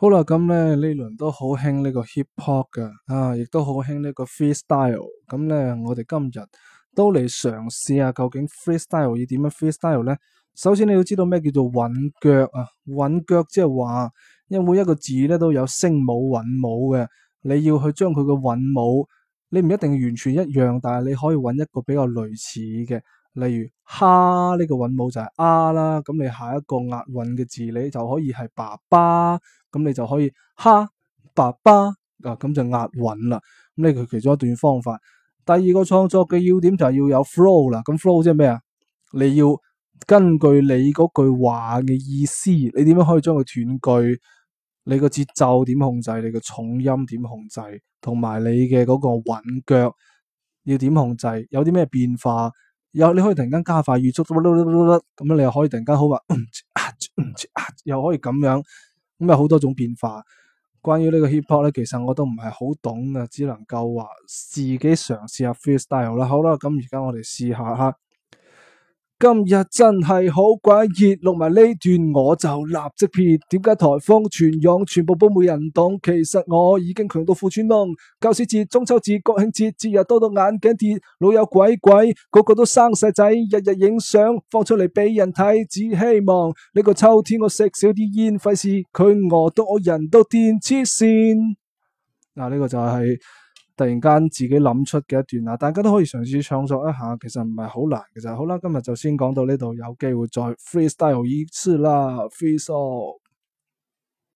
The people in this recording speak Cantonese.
好啦，咁咧呢輪都好興呢個 hip hop 嘅啊，亦都好興呢個 freestyle。咁咧、啊嗯，我哋今日都嚟嘗試下究竟 freestyle 要點樣 freestyle 咧？首先你要知道咩叫做韻腳啊？韻腳即係話，因為每一個字咧都有聲母、韻母嘅，你要去將佢嘅韻母，你唔一定完全一樣，但係你可以揾一個比較類似嘅。例如哈呢個韻母就係啊啦，咁你下一個押韻嘅字你就可以係爸爸，咁你就可以哈爸爸，啊咁就押韻啦。咁呢個其中一段方法。第二個創作嘅要點就係要有 flow 啦。咁 flow 即係咩啊？你要根據你嗰句話嘅意思，你點樣可以將佢斷句？你個節奏點控制？你個重音點控制？同埋你嘅嗰個韻腳要點控制？有啲咩變化？有，你可以突然間加快語速，咁樣你又可以突然間好話，又可以咁樣，咁有好多種變化。關於呢個 hiphop 咧，其實我都唔係好懂嘅，只能夠話自己嘗試下 freestyle 啦。好啦，咁而家我哋試下吓。今日真係好鬼熱，錄埋呢段我就立即撇。點解台風全湧，全部都冇人擋？其實我已經窮到褲穿窿。教師節、中秋節、國慶節，節日多到眼鏡跌。老友鬼鬼個個都生細仔，日日影相放出嚟俾人睇，只希望呢個秋天我食少啲煙，費事佢餓到我人都癲黐線。嗱，呢個就係。突然間自己諗出嘅一段啊，大家都可以嘗試創作一下，其實唔係好難嘅啫。好啦，今日就先講到呢度，有機會再 freestyle 一次啦，freestyle。